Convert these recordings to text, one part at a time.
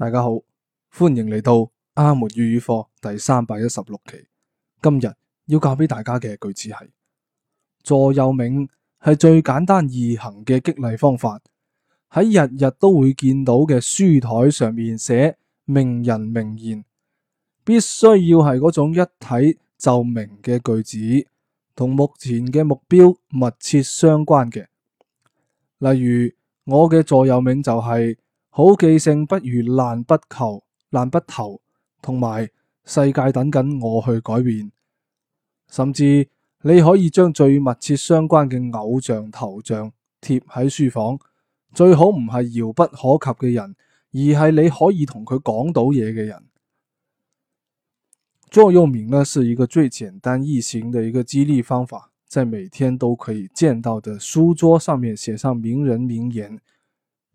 大家好，歡迎嚟到阿門粵語課第三百一十六期。今日要教俾大家嘅句子係座右銘，係最簡單易行嘅激勵方法。喺日日都會見到嘅書枱上面寫名人名言，必須要係嗰種一睇就明嘅句子，同目前嘅目標密切相關嘅。例如，我嘅座右銘就係、是。好記性不如爛筆頭，爛筆頭，同埋世界等緊我去改變。甚至你可以將最密切相關嘅偶像頭像貼喺書房，最好唔係遙不可及嘅人，而係你可以同佢講到嘢嘅人。座右銘呢，是一個最簡單易行嘅一個激勵方法，即係每天都可以見到嘅書桌上面寫上名人名言。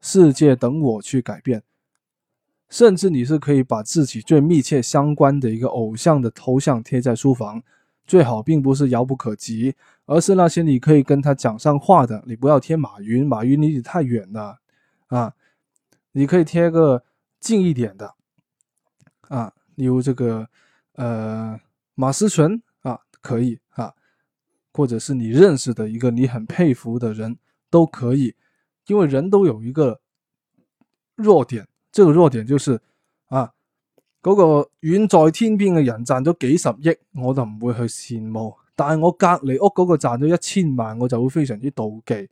世界等我去改變，甚至你是可以把自己最密切相關的一個偶像的頭像貼在書房，最好並不是遙不可及，而是那些你可以跟他講上話的。你不要貼馬雲，馬雲離你太遠了啊，你可以貼個近一點的啊，例如這個，呃，馬思純啊，可以啊，或者是你認識的一個你很佩服的人都可以。因為人都有一個弱點，即、這個弱點就是啊，嗰、嗰個遠在天邊嘅人賺咗幾十億，我就唔會去羨慕；但係我隔籬屋嗰個賺咗一千萬，我就會非常之妒忌。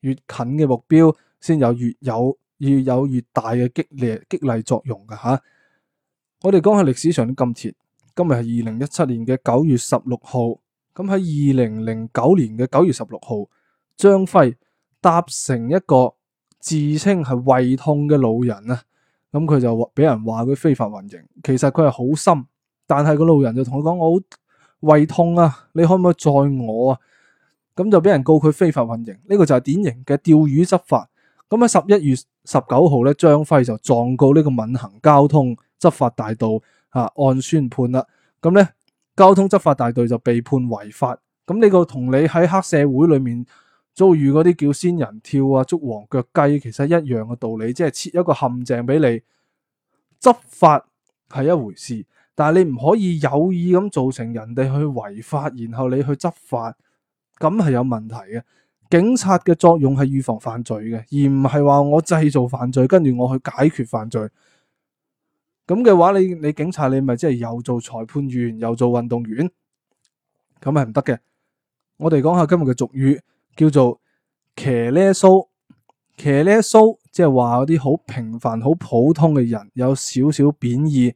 越近嘅目標，先有越有越有越大嘅激勵激勵作用嘅吓、啊。我哋講下歷史上啲金錢。今日係二零一七年嘅九月十六號，咁喺二零零九年嘅九月十六號，張輝。搭成一個自稱係胃痛嘅老人啊，咁佢就話俾人話佢非法運營，其實佢係好深。但係個路人就同佢講：我好胃痛啊，你可唔可以載我啊？咁就俾人告佢非法運營，呢個就係典型嘅釣魚執法。咁喺十一月十九號咧，張輝就狀告呢個閔行交通執法大隊啊，按宣判啦。咁咧，交通執法大隊就被判違法。咁呢個同你喺黑社會裏面。遭遇嗰啲叫仙人跳啊，捉黃腳雞，其實一樣嘅道理，即係設一個陷阱俾你。執法係一回事，但係你唔可以有意咁造成人哋去違法，然後你去執法，咁係有問題嘅。警察嘅作用係預防犯罪嘅，而唔係話我製造犯罪，跟住我去解決犯罪。咁嘅話，你你警察你咪即係又做裁判員又做運動員，咁係唔得嘅。我哋講下今日嘅俗語。叫做笳喇蘇，笳喇蘇，即係話嗰啲好平凡、好普通嘅人，有少少貶義。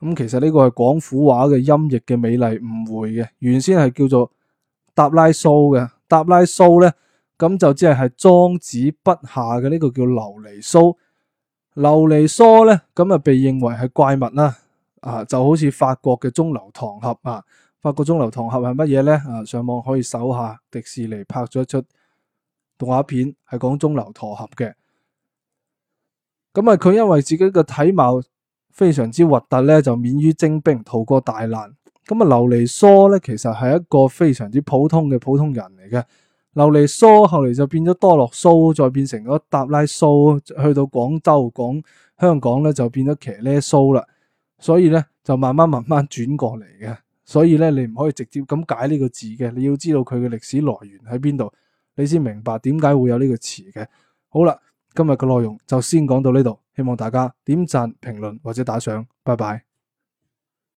咁其實呢個係廣府話嘅音譯嘅美麗誤會嘅。原先係叫做搭拉蘇嘅，搭拉蘇咧，咁就即係係莊子筆下嘅呢個叫琉璃蘇，琉璃蘇咧，咁啊被認為係怪物啦。啊，就好似法國嘅鐘樓駝俠啊。法國鐘樓駝俠係乜嘢咧？啊，上網可以搜下迪士尼拍咗一出動畫片，係講鐘樓駝俠嘅。咁啊，佢因為自己嘅體貌非常之核突咧，就免於徵兵，逃過大難。咁啊，琉璃梳咧，其實係一個非常之普通嘅普通人嚟嘅。琉璃梳後嚟就變咗多洛蘇，再變成咗達拉蘇，去到廣州、廣香港咧，就變咗笳喇蘇啦。所以咧，就慢慢慢慢轉過嚟嘅。所以咧，你唔可以直接咁解呢個字嘅，你要知道佢嘅歷史來源喺邊度，你先明白點解會有呢個詞嘅。好啦，今日嘅內容就先講到呢度，希望大家點讚、評論或者打賞，拜拜。